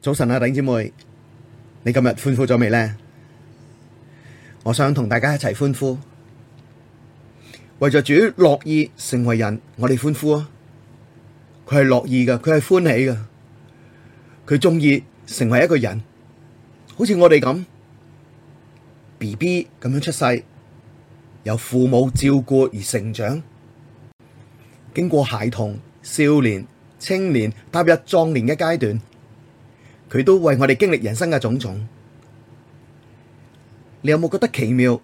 早晨啊，弟姐妹，你今日歡呼咗未呢？我想同大家一齊歡呼，為着主樂意成為人，我哋歡呼啊！佢係樂意嘅，佢係歡喜嘅，佢中意成為一個人，好似我哋咁 BB 咁樣出世，由父母照顧而成長，經過孩童、少年、青年，踏入壯年嘅階段。佢都為我哋經歷人生嘅種種，你有冇覺得奇妙？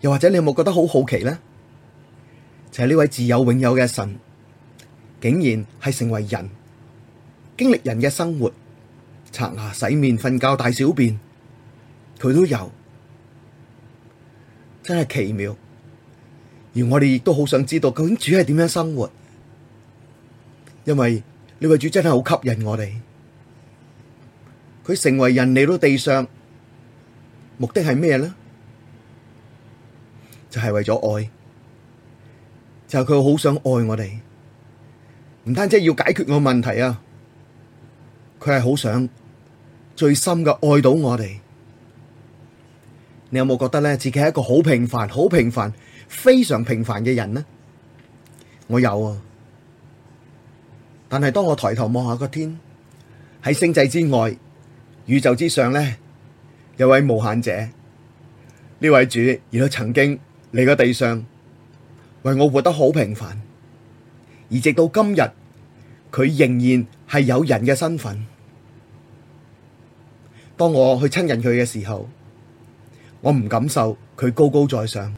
又或者你有冇覺得好好奇呢？就係呢位自有永有嘅神，竟然係成為人，經歷人嘅生活，刷牙、洗面、瞓覺、大小便，佢都有，真係奇妙。而我哋亦都好想知道，究竟主係點樣生活？因為呢位主真係好吸引我哋。佢成為人嚟到地上，目的係咩呢？就係、是、為咗愛，就係佢好想愛我哋。唔單止要解決我問題啊，佢係好想最深嘅愛到我哋。你有冇覺得咧，自己係一個好平凡、好平凡、非常平凡嘅人呢？我有啊，但係當我抬頭望下個天，喺星際之外。宇宙之上呢，有位無限者，呢位主，亦都曾經嚟過地上，為我活得好平凡，而直到今日，佢仍然係有人嘅身份。當我去親近佢嘅時候，我唔感受佢高高在上，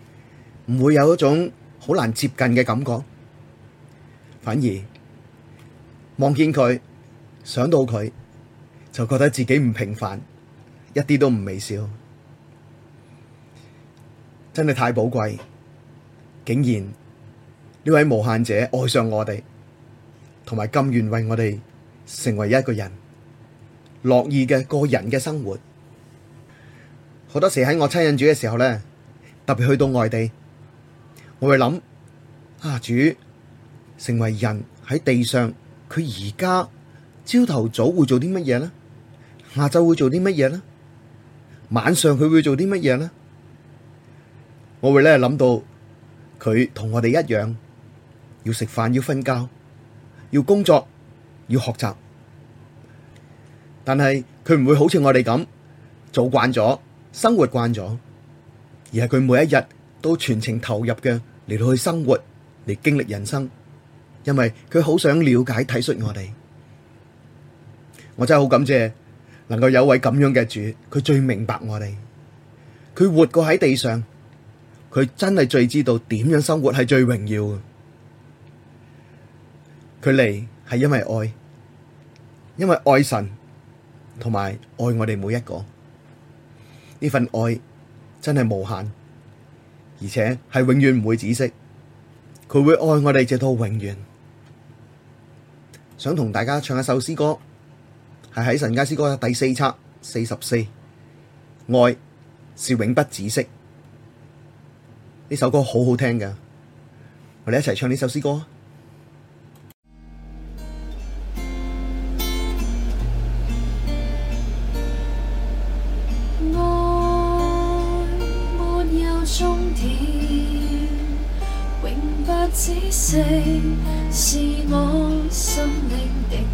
唔會有一種好難接近嘅感覺，反而望見佢，想到佢。就覺得自己唔平凡，一啲都唔微小，真係太寶貴。竟然呢位無限者愛上我哋，同埋甘願為我哋成為一個人，樂意嘅個人嘅生活。好多時喺我親近主嘅時候咧，特別去到外地，我會諗阿主成為人喺地上，佢而家朝頭早會做啲乜嘢呢？下晝會做啲乜嘢呢？晚上佢會做啲乜嘢呢？我會咧諗到佢同我哋一樣，要食飯，要瞓覺，要工作，要學習。但係佢唔會好似我哋咁做慣咗，生活慣咗，而係佢每一日都全程投入嘅嚟到去生活，嚟經歷人生。因為佢好想了解體恤我哋，我真係好感謝。能夠有位咁樣嘅主，佢最明白我哋，佢活過喺地上，佢真係最知道點樣生活係最榮耀嘅。佢嚟係因為愛，因為愛神，同埋愛我哋每一個。呢份愛真係無限，而且係永遠唔會止息。佢會愛我哋直到永遠。想同大家唱一首詩歌。係喺神家詩歌第四冊四十四，愛是永不止息。呢首歌好好聽㗎，我哋一齊唱呢首詩歌。愛沒有終點，永不止息，是我心靈的。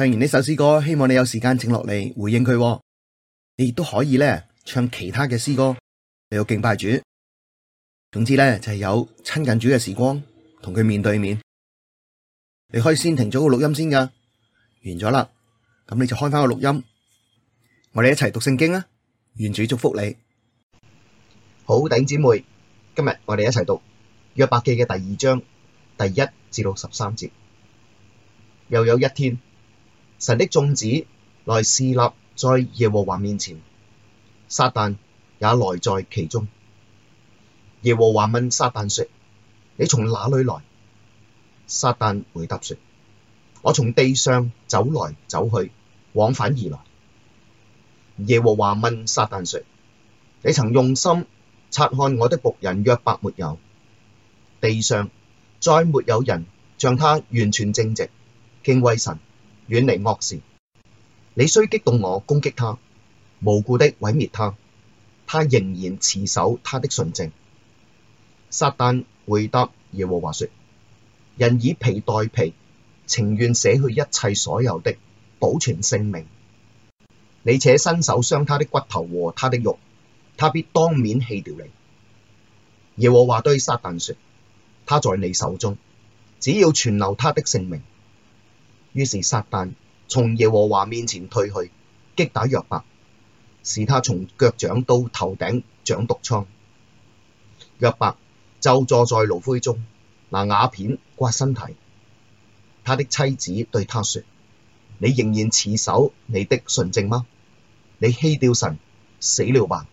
唱完呢首詩歌，希望你有時間請落嚟回應佢，哦。你亦都可以咧唱其他嘅詩歌，你要敬拜主。總之咧就係、是、有親近主嘅時光，同佢面對面。你可以先停咗個錄音先噶，完咗啦，咁你就開翻個錄音，我哋一齊讀聖經啊。願主祝福你，好頂姐妹。今日我哋一齊讀約伯記嘅第二章第一至到十三節。又有一天。神的眾子來侍立在耶和華面前，撒但也來在其中。耶和華問撒但說：你從哪裡來？撒但回答說：我從地上走來走去，往返而來。耶和華問撒但說：你曾用心察看我的僕人約伯沒有？地上再沒有人像他完全正直，敬畏神。遠離惡事，你雖激動我攻擊他，無故的毀滅他，他仍然持守他的純正。撒但回答耶和華說：人以皮代皮，情願捨去一切所有的，保全性命。你且伸手傷他的骨頭和他的肉，他必當面棄掉你。耶和華對撒但說：他在你手中，只要存留他的性命。於是撒但從耶和華面前退去，擊打約伯，使他從腳掌到頭頂長毒瘡。約伯就坐在爐灰中，拿瓦片刮身體。他的妻子對他說：你仍然持守你的純正嗎？你棄掉神，死了吧！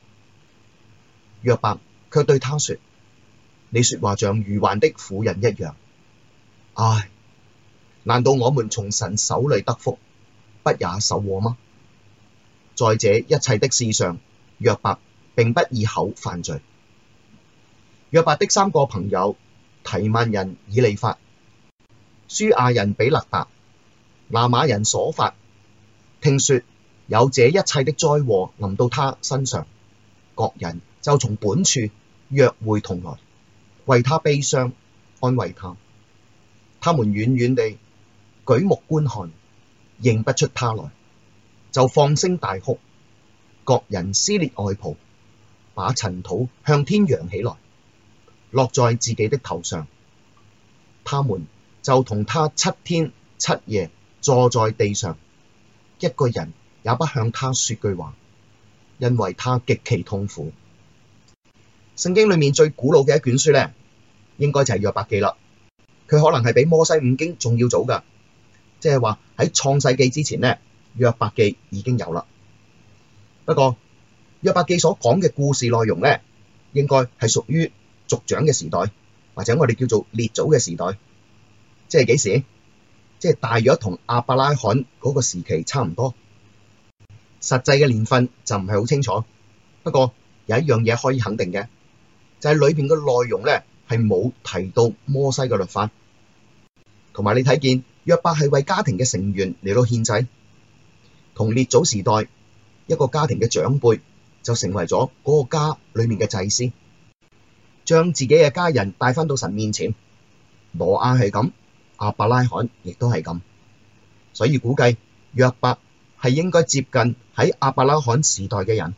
約伯卻對他說：你說話像愚頑的婦人一樣。唉。難道我們從神手裡得福，不也受禍嗎？在這一切的事上，約伯並不以口犯罪。約伯的三個朋友，提幔人以利法、書亞人比勒達、拿瑪人瑣法，聽說有這一切的災禍臨到他身上，各人就從本處約會同來，為他悲傷，安慰他。他們遠遠地舉目觀看，認不出他來，就放聲大哭。各人撕裂外袍，把塵土向天揚起來，落在自己的頭上。他們就同他七天七夜坐在地上，一個人也不向他說句話，因為他極其痛苦。聖經裏面最古老嘅一卷書咧，應該就係約伯記啦。佢可能係比摩西五經仲要早㗎。即係話喺創世記之前咧，約伯記已經有啦。不過約伯記所講嘅故事內容咧，應該係屬於族長嘅時代，或者我哋叫做列祖嘅時代。即係幾時？即係大約同亞伯拉罕嗰個時期差唔多。實際嘅年份就唔係好清楚。不過有一樣嘢可以肯定嘅，就係裏邊嘅內容咧，係冇提到摩西嘅律法，同埋你睇見。約伯係為家庭嘅成員嚟到獻祭，同列祖時代一個家庭嘅長輩就成為咗嗰個家裏面嘅祭司，將自己嘅家人帶返到神面前。羅亞係咁，亞伯拉罕亦都係咁，所以估計約伯係應該接近喺亞伯拉罕時代嘅人。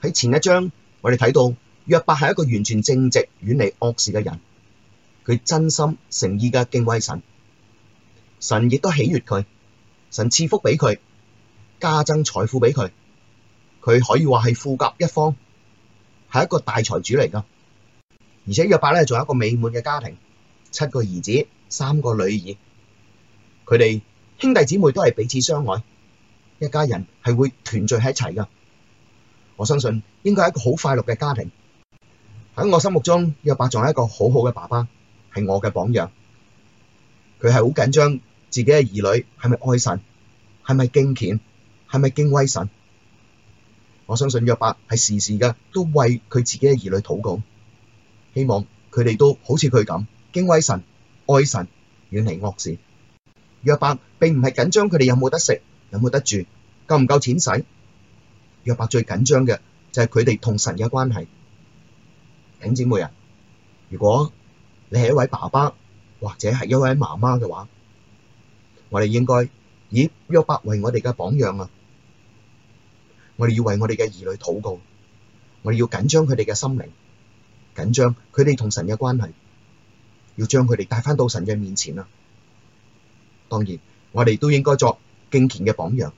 喺前一章我哋睇到約伯係一個完全正直、遠離惡事嘅人，佢真心誠意嘅敬畏神。神亦都喜悅佢，神賜福畀佢，加增財富畀佢，佢可以話係富甲一方，係一個大財主嚟噶。而且約伯咧仲有一個美滿嘅家庭，七個兒子，三個女兒，佢哋兄弟姊妹都係彼此相愛，一家人係會團聚喺一齊噶。我相信應該係一個好快樂嘅家庭。喺我心目中，約伯仲係一個好好嘅爸爸，係我嘅榜樣。佢係好緊張自己嘅兒女係咪愛神，係咪敬虔，係咪敬畏神？我相信約伯係時時嘅都為佢自己嘅兒女禱告，希望佢哋都好似佢咁敬畏神愛神，遠離惡事。約伯並唔係緊張佢哋有冇得食，有冇得住，夠唔夠錢使。約伯最緊張嘅就係佢哋同神嘅關係。景姐妹啊，如果你係一位爸爸。或者係一位媽媽嘅話，我哋應該以約伯為我哋嘅榜樣啊！我哋要為我哋嘅兒女禱告，我哋要緊張佢哋嘅心靈，緊張佢哋同神嘅關係，要將佢哋帶返到神嘅面前啦、啊。當然，我哋都應該作敬虔嘅榜樣，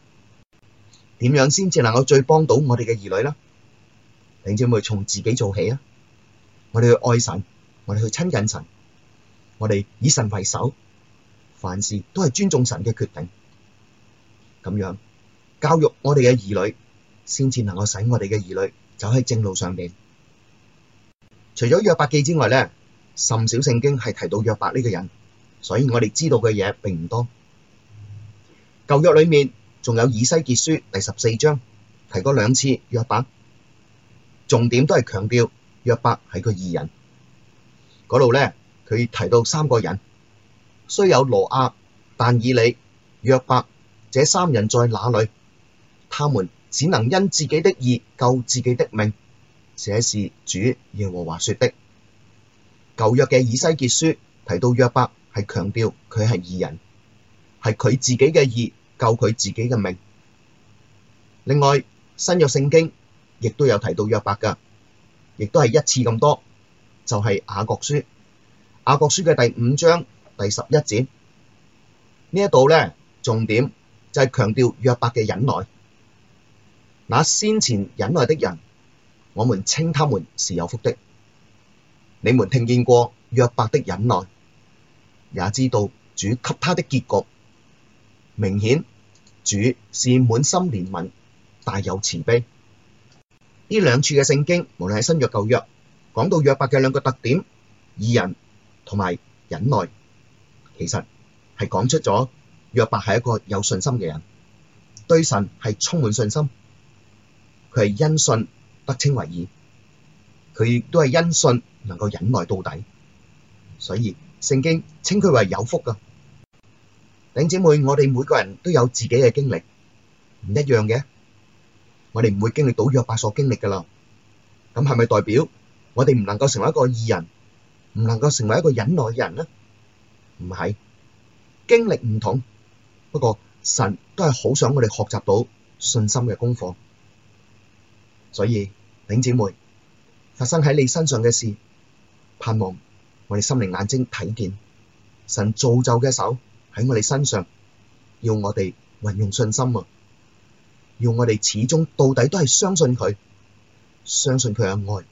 點樣先至能夠最幫到我哋嘅兒女呢？你知唔知？從自己做起啊！我哋去愛神，我哋去親近神。我哋以神為首，凡事都係尊重神嘅決定。咁樣教育我哋嘅兒女，先至能夠使我哋嘅兒女走喺正路上面。除咗約伯記之外呢，甚少聖經係提到約伯呢個人，所以我哋知道嘅嘢並唔多。舊約裏面仲有以西結書第十四章提過兩次約伯，重點都係強調約伯係個義人。嗰度呢，佢提到三個人，雖有羅亞、但以你、約伯，這三人在哪裏？他們只能因自己的意救自己的命。這是主耶和華說的。舊約嘅以西結書提到約伯係強調佢係義人，係佢自己嘅意救佢自己嘅命。另外新約聖經亦都有提到約伯噶，亦都係一次咁多，就係、是、雅各書。雅各書嘅第五章第十一節呢一度重點就係強調約伯嘅忍耐。那先前忍耐的人，我們稱他們是有福的。你們聽見過約伯的忍耐，也知道主給他的結局。明顯主是滿心憐憫，大有慈悲。呢兩處嘅聖經，無論係新約舊約，講到約伯嘅兩個特點，二人。同埋忍耐，其實係講出咗約伯係一個有信心嘅人，對神係充滿信心。佢係因信得稱為義，佢亦都係因信能夠忍耐到底。所以聖經稱佢為有福嘅。兄姐妹，我哋每個人都有自己嘅經歷，唔一樣嘅。我哋唔會經歷到約伯所經歷㗎啦。咁係咪代表我哋唔能夠成為一個義人？唔能夠成為一個忍耐嘅人呢，唔係經歷唔同，不過神都係好想我哋學習到信心嘅功課。所以，頂姐妹發生喺你身上嘅事，盼望我哋心靈眼睛睇見神造就嘅手喺我哋身上，要我哋運用信心啊，要我哋始終到底都係相信佢，相信佢嘅愛，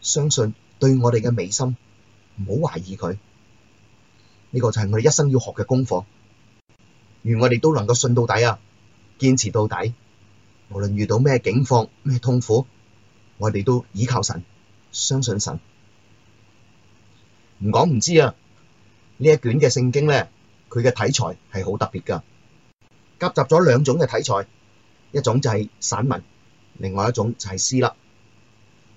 相信對我哋嘅美心。唔好懷疑佢，呢個就係我哋一生要學嘅功課。願我哋都能夠信到底啊，堅持到底，無論遇到咩境況、咩痛苦，我哋都倚靠神，相信神。唔講唔知啊，呢一卷嘅聖經咧，佢嘅體裁係好特別噶，夾雜咗兩種嘅體裁，一種就係散文，另外一種就係詩啦。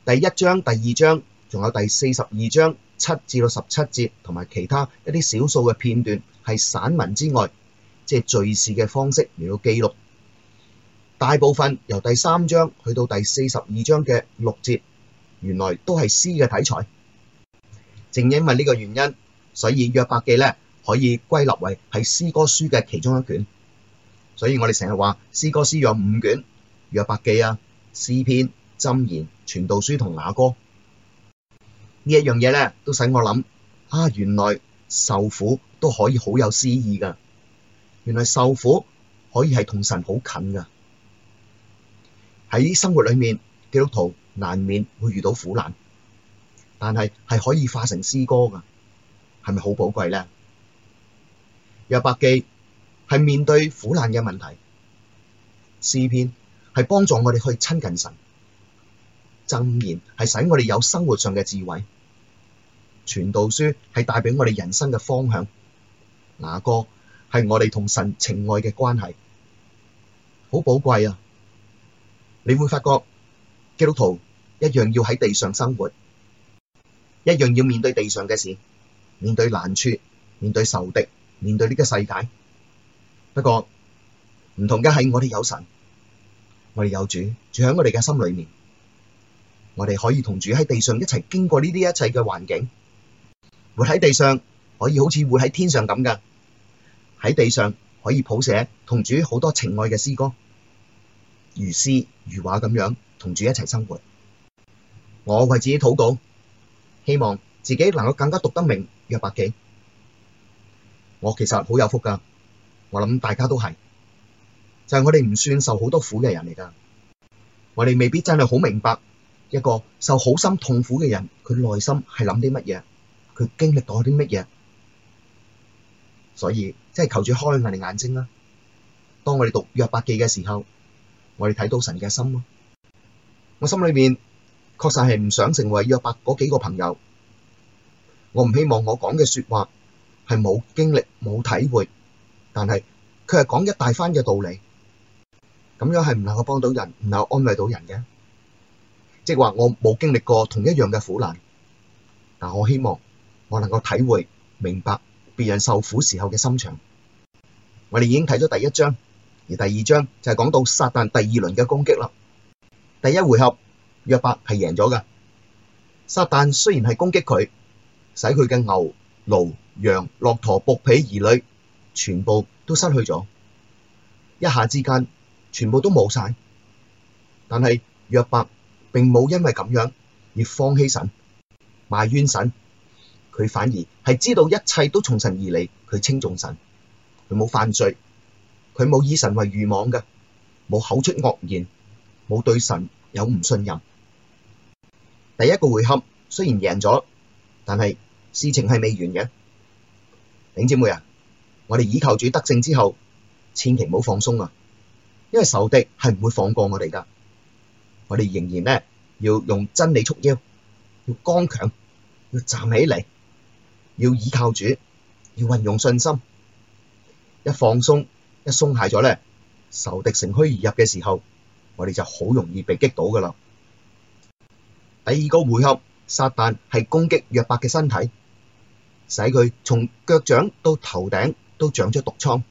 第一章、第二章，仲有第四十二章。七至到十七節同埋其他一啲少數嘅片段係散文之外，即係敘事嘅方式嚟到記錄。大部分由第三章去到第四十二章嘅六節，原來都係詩嘅體裁。正因為呢個原因，所以約伯記呢可以歸納為係詩歌書嘅其中一卷。所以我哋成日話詩歌書有五卷，約伯記啊、詩篇、箴言、傳道書同雅歌。呢一樣嘢咧，都使我諗啊！原來受苦都可以好有詩意噶，原來受苦可以係同神好近噶。喺生活裏面，基督徒難免會遇到苦難，但係係可以化成詩歌噶，係咪好寶貴咧？約伯記係面對苦難嘅問題，詩篇係幫助我哋去親近神，箴言係使我哋有生活上嘅智慧。傳道書係帶畀我哋人生嘅方向，嗱個係我哋同神情愛嘅關係，好寶貴啊！你會發覺基督徒一樣要喺地上生活，一樣要面對地上嘅事，面對難處，面對仇敵，面對呢個世界。不過唔同嘅係，我哋有神，我哋有主住喺我哋嘅心裏面，我哋可以同住喺地上一齊經過呢啲一切嘅環境。活喺地上可以好似活喺天上咁噶，喺地上可以譜寫同主好多情愛嘅詩歌，如詩如畫咁樣同主一齊生活。我為自己禱告，希望自己能夠更加讀得明約伯記。我其實好有福噶，我諗大家都係，就係我哋唔算受好多苦嘅人嚟噶。我哋未必真係好明白一個受好深痛苦嘅人佢內心係諗啲乜嘢。佢經歷過啲乜嘢，所以即係求住開眼嘅眼睛啦。當我哋讀約伯記嘅時候，我哋睇到神嘅心囉。我心裏面確實係唔想成為約伯嗰幾個朋友，我唔希望我講嘅說話係冇經歷冇體會，但係佢係講一大番嘅道理，噉樣係唔能夠幫到人，唔能夠安慰到人嘅。即係話我冇經歷過同一樣嘅苦難，但我希望我能夠體會明白別人受苦時候嘅心腸。我哋已經睇咗第一章，而第二章就係講到撒旦第二輪嘅攻擊啦。第一回合，約伯係贏咗嘅。撒旦雖然係攻擊佢，使佢嘅牛、驢、羊、駱駝、僕婢兒女全部都失去咗，一下之間全部都冇晒。但係約伯並冇因為咁樣而放棄神，埋怨神。佢反而係知道一切都從神而嚟，佢尊重神，佢冇犯罪，佢冇以神為愚妄嘅，冇口出惡言，冇對神有唔信任。第一個回合雖然贏咗，但係事情係未完嘅。弟兄姊妹啊，我哋倚靠主得勝之後，千祈唔好放鬆啊，因為仇敵係唔會放過我哋噶。我哋仍然咧要用真理束腰，要剛強，要站起嚟。要依靠主，要運用信心。一放鬆，一鬆懈咗咧，仇敵乘虛而入嘅時候，我哋就好容易被擊倒噶啦。第二個回合，撒但係攻擊約伯嘅身體，使佢從腳掌到頭頂都長出毒瘡，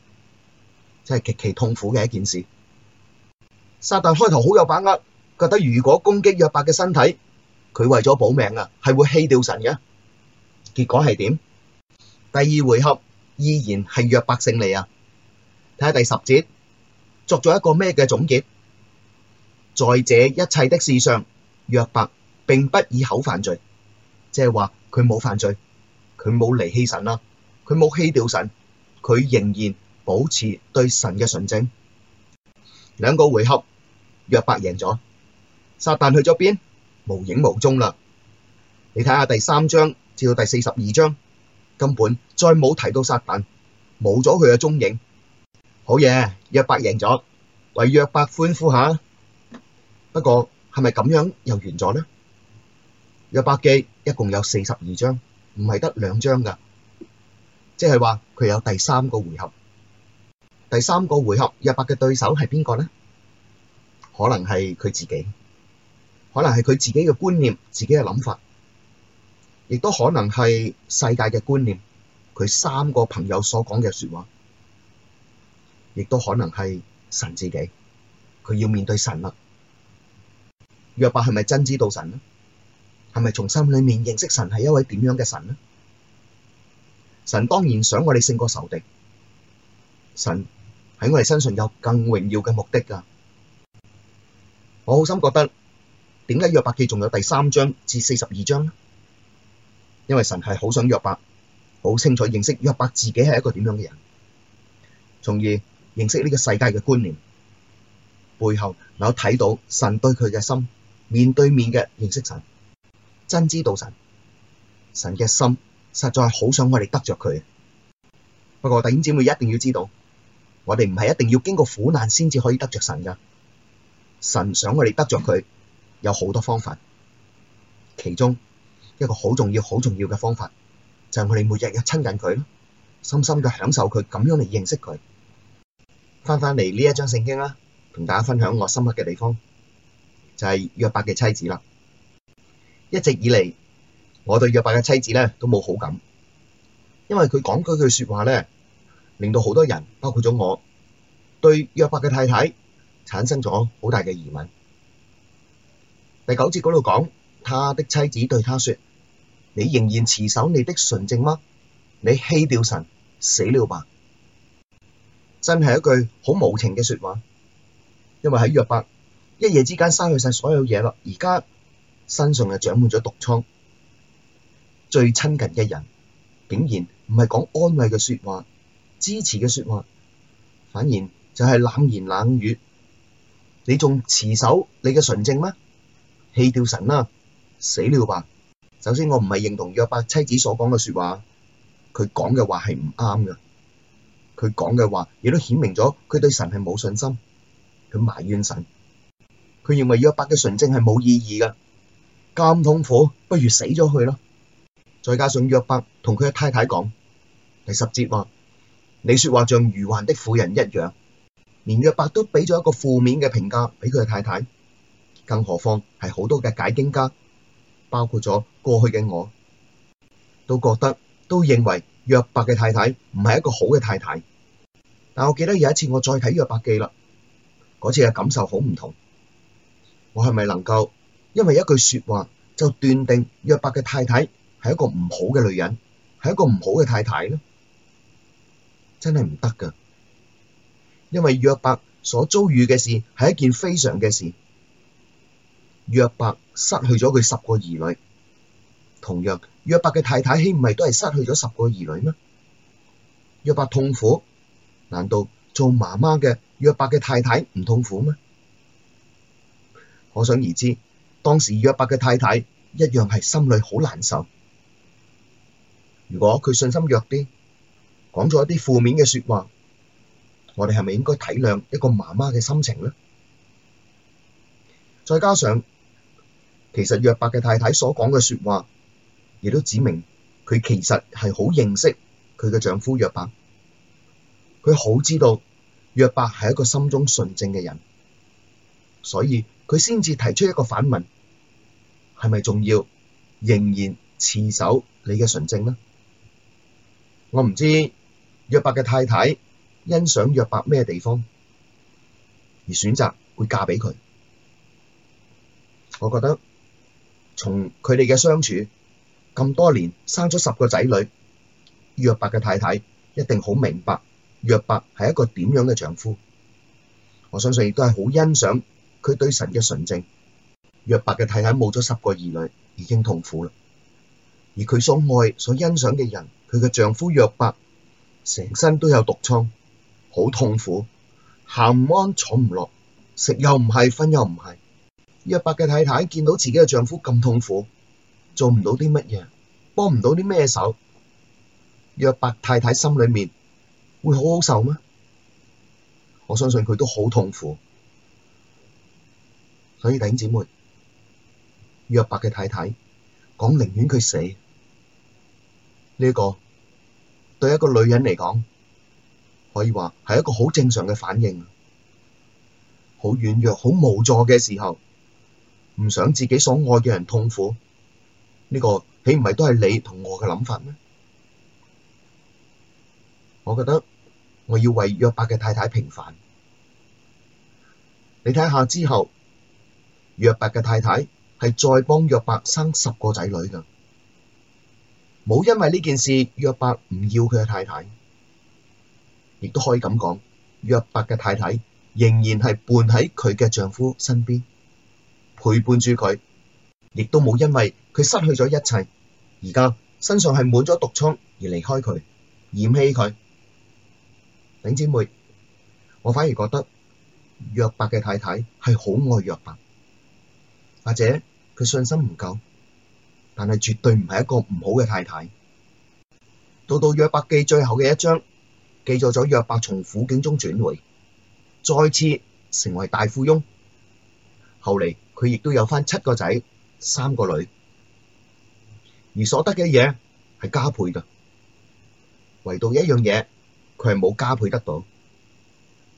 真係極其痛苦嘅一件事。撒但開頭好有把握，覺得如果攻擊約伯嘅身體，佢為咗保命啊，係會棄掉神嘅。結果係點？第二回合依然係約伯勝利啊！睇下第十節作咗一個咩嘅總結？在這一切的事上，約伯並不以口犯罪，即係話佢冇犯罪，佢冇離棄神啦、啊，佢冇棄掉神，佢仍然保持對神嘅純正。兩個回合，約伯贏咗，撒但去咗邊？無影無蹤啦！你睇下第三章。至到第四十二章，根本再冇提到撒但，冇咗佢嘅蹤影。好嘢，約伯贏咗，為約伯歡呼下。不過係咪咁樣又完咗呢？約伯記一共有四十二章，唔係得兩章噶即係話佢有第三個回合。第三個回合，約伯嘅對手係邊個呢？可能係佢自己，可能係佢自己嘅觀念，自己嘅諗法。亦都可能係世界嘅觀念，佢三個朋友所講嘅說話，亦都可能係神自己。佢要面對神啦。約伯係咪真知道神呢？係咪從心裏面認識神係一位點樣嘅神呢？神當然想我哋勝過仇敵。神喺我哋身上有更榮耀嘅目的㗎。我好心覺得，點解約伯記仲有第三章至四十二章呢？因為神係好想約伯，好清楚認識約伯自己係一個點樣嘅人，從而認識呢個世界嘅觀念背後，能夠睇到神對佢嘅心，面對面嘅認識神，真知道神神嘅心實在係好想我哋得着佢。不過弟兄姊妹一定要知道，我哋唔係一定要經過苦難先至可以得着神㗎，神想我哋得着佢有好多方法，其中。一個好重要、好重要嘅方法，就係、是、我哋每日嘅親近佢咯，深深嘅享受佢，咁樣嚟認識佢。翻返嚟呢一章聖經啦，同大家分享我深刻嘅地方，就係約伯嘅妻子啦。一直以嚟，我對約伯嘅妻子咧都冇好感，因為佢講嗰句說話咧，令到好多人，包括咗我，對約伯嘅太太產生咗好大嘅疑問。第九節嗰度講，他的妻子對他說。你仍然持守你的純正嗎？你棄掉神，死了吧！真係一句好無情嘅說話，因為喺約伯一夜之間失去晒所有嘢啦，而家身上又長滿咗毒瘡，最親近嘅人竟然唔係講安慰嘅說話、支持嘅說話，反而就係冷言冷語。你仲持守你嘅純正嗎？棄掉神啦、啊，死了吧！首先，我唔係認同約伯妻子所講嘅説話，佢講嘅話係唔啱嘅。佢講嘅話亦都顯明咗佢對神係冇信心，佢埋怨神，佢認為約伯嘅純正係冇意義㗎，咁痛苦不如死咗佢咯。再加上約伯同佢嘅太太講第十節話、啊，你説話像愚頑的婦人一樣，連約伯都俾咗一個負面嘅評價俾佢嘅太太，更何況係好多嘅解經家，包括咗。過去嘅我都覺得，都認為約伯嘅太太唔係一個好嘅太太，但我記得有一次我再睇約伯記啦，嗰次嘅感受好唔同。我係咪能夠因為一句說話就斷定約伯嘅太太係一個唔好嘅女人，係一個唔好嘅太太咧？真係唔得噶，因為約伯所遭遇嘅事係一件非常嘅事，約伯失去咗佢十個兒女。同樣約伯嘅太太豈唔係都係失去咗十個兒女咩？約伯痛苦，難道做媽媽嘅約伯嘅太太唔痛苦咩？可想而知，當時約伯嘅太太一樣係心裏好難受。如果佢信心弱啲，講咗一啲負面嘅說話，我哋係咪應該體諒一個媽媽嘅心情呢？再加上，其實約伯嘅太太所講嘅說話。亦都指明佢其實係好認識佢嘅丈夫約伯，佢好知道約伯係一個心中純正嘅人，所以佢先至提出一個反問：係咪仲要仍然持守你嘅純正呢？我唔知約伯嘅太太欣賞約伯咩地方，而選擇會嫁俾佢。我覺得從佢哋嘅相處。咁多年生咗十個仔女，約伯嘅太太一定好明白約伯係一個點樣嘅丈夫。我相信亦都係好欣賞佢對神嘅純正。約伯嘅太太冇咗十個兒女，已經痛苦啦。而佢所愛所欣賞嘅人，佢嘅丈夫約伯成身都有毒瘡，好痛苦，行唔安，坐唔落，食又唔係，瞓又唔係。約伯嘅太太見到自己嘅丈夫咁痛苦。做唔到啲乜嘢，幫唔到啲咩手。約伯太太心裏面會好好受咩？我相信佢都好痛苦。所以弟兄姊妹，約伯嘅太太講寧願佢死，呢一個對一個女人嚟講，可以話係一個好正常嘅反應，好軟弱、好無助嘅時候，唔想自己所愛嘅人痛苦。呢個豈唔係都係你同我嘅諗法咩？我覺得我要為約伯嘅太太平反。你睇下之後，約伯嘅太太係再幫約伯生十個仔女㗎。冇因為呢件事，約伯唔要佢嘅太太，亦都可以咁講。約伯嘅太太仍然係伴喺佢嘅丈夫身邊，陪伴住佢。亦都冇因為佢失去咗一切，而家身上係滿咗毒瘡而離開佢，嫌棄佢。頂姐妹，我反而覺得約伯嘅太太係好愛約伯，或者佢信心唔夠，但係絕對唔係一個唔好嘅太太。到到約伯記最後嘅一章，記載咗約伯從苦境中轉回，再次成為大富翁。後嚟佢亦都有返七個仔。三個女，而所得嘅嘢係加倍㗎，唯獨一樣嘢，佢係冇加倍得到，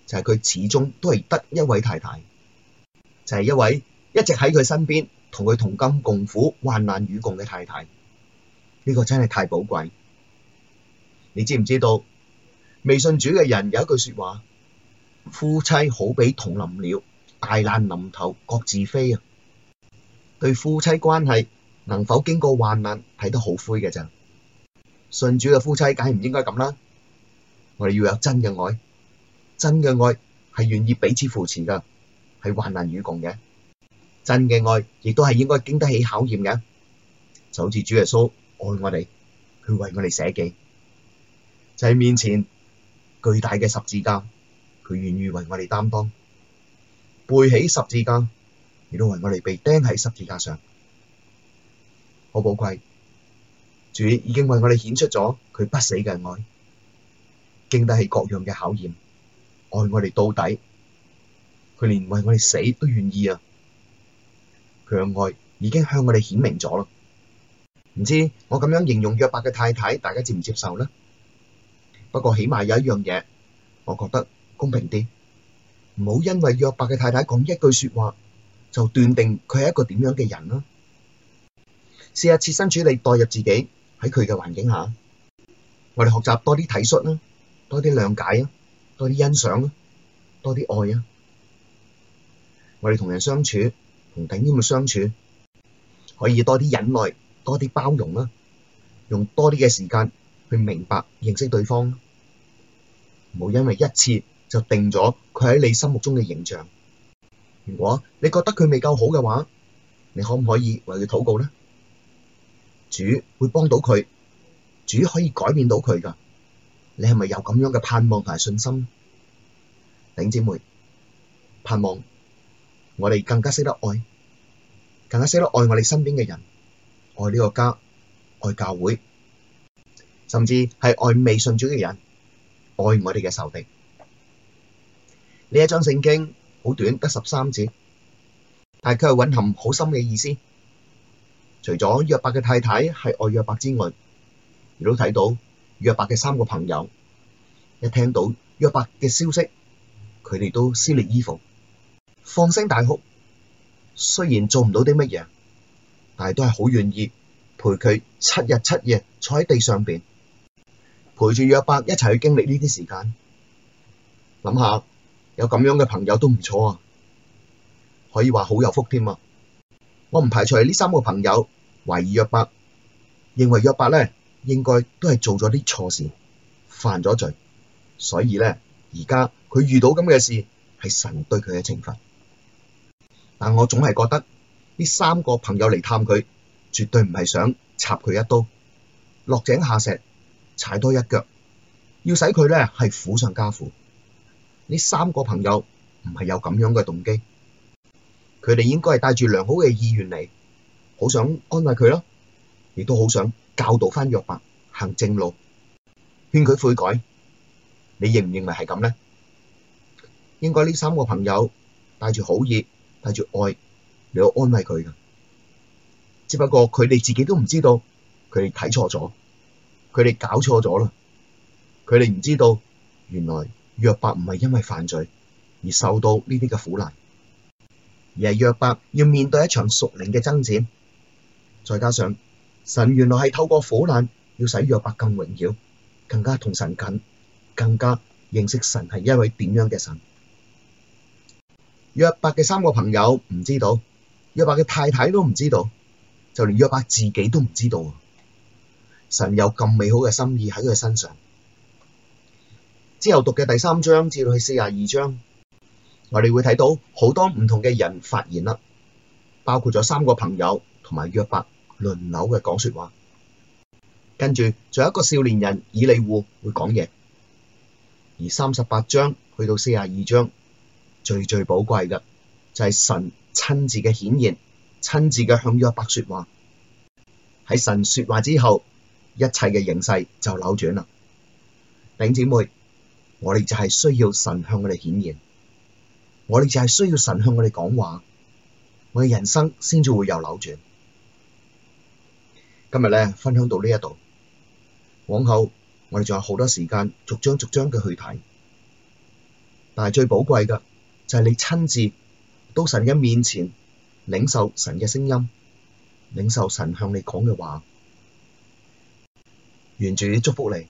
就係、是、佢始終都係得一位太太，就係、是、一位一直喺佢身邊同佢同甘共苦患難與共嘅太太，呢、這個真係太寶貴。你知唔知道？未信主嘅人有一句說話：夫妻好比同林鳥，大難臨頭各自飛啊！對夫妻關係能否經過患難睇得好灰嘅咋，信主嘅夫妻梗係唔應該咁啦。我哋要有真嘅愛，真嘅愛係願意彼此扶持噶，係患難與共嘅。真嘅愛亦都係應該經得起考驗嘅，就好似主耶穌愛我哋，佢為我哋捨己，就喺面前巨大嘅十字架，佢願意為我哋擔當背起十字架。亦都為我哋被釘喺十字架上，好寶貴。主已經為我哋顯出咗佢不死嘅愛，經得起各樣嘅考驗，愛我哋到底。佢連為我哋死都願意啊！佢嘅愛已經向我哋顯明咗啦。唔知我咁樣形容約伯嘅太太，大家接唔接受呢？不過起碼有一樣嘢，我覺得公平啲，唔好因為約伯嘅太太講一句說話，就斷定佢係一個點樣嘅人啦、啊。試下設身處地，代入自己喺佢嘅環境下，我哋學習多啲體恤啦、啊，多啲諒解啦、啊，多啲欣賞啦、啊，多啲愛啊！我哋同人相處，同頂尖嘅相處，可以多啲忍耐，多啲包容啦、啊，用多啲嘅時間去明白認識對方、啊，唔好因為一次就定咗佢喺你心目中嘅形象。如果你覺得佢未夠好嘅話，你可唔可以為佢禱告咧？主會幫到佢，主可以改變到佢噶。你係咪有咁樣嘅盼望同埋信心，頂姊妹？盼望我哋更加識得愛，更加識得愛我哋身邊嘅人，愛呢個家，愛教會，甚至係愛未信主嘅人，愛我哋嘅仇敵。呢一章聖經。好短得十三字，但係佢係蘊含好深嘅意思。除咗約伯嘅太太係愛約伯之外，亦都睇到約伯嘅三個朋友一聽到約伯嘅消息，佢哋都撕裂衣服，放聲大哭。雖然做唔到啲乜嘢，但係都係好願意陪佢七日七夜坐喺地上邊，陪住約伯一齊去經歷呢啲時間。諗下。.有咁樣嘅朋友都唔錯啊，可以話好有福添啊！我唔排除呢三個朋友懷疑約伯，認為約伯咧應該都係做咗啲錯事，犯咗罪，所以咧，而家佢遇到咁嘅事係神對佢嘅懲罰。但我總係覺得呢三個朋友嚟探佢，絕對唔係想插佢一刀，落井下石，踩多一腳，要使佢咧係苦上加苦。呢三個朋友唔係有咁樣嘅動機，佢哋應該係帶住良好嘅意願嚟，好想安慰佢咯，亦都好想教導翻約伯行正路，勸佢悔改。你認唔認為係咁呢？應該呢三個朋友帶住好意、帶住愛嚟到安慰佢嘅，只不過佢哋自己都唔知道，佢哋睇錯咗，佢哋搞錯咗啦，佢哋唔知道原來。約伯唔係因為犯罪而受到呢啲嘅苦難，而係約伯要面對一場屬靈嘅爭戰，再加上神原來係透過苦難要使約伯更榮耀，更加同神近，更加認識神係一位點樣嘅神。約伯嘅三個朋友唔知道，約伯嘅太太都唔知道，就連約伯自己都唔知道。神有咁美好嘅心意喺佢身上。之後讀嘅第三章至到去四十二章，我哋會睇到好多唔同嘅人發言啦，包括咗三個朋友同埋約伯輪流嘅講說話，跟住仲有一個少年人以利戶會講嘢。而三十八章去到四十二章，最最寶貴嘅就係神親自嘅顯現，親自嘅向約伯說話。喺神說話之後，一切嘅形勢就扭轉啦，頂姐妹。我哋就係需要神向我哋顯現，我哋就係需要神向我哋講話，我嘅人生先至會有扭轉。今日咧分享到呢一度，往後我哋仲有好多時間，逐章逐章嘅去睇。但係最寶貴嘅就係、是、你親自到神嘅面前，領受神嘅聲音，領受神向你講嘅話。願主祝福你。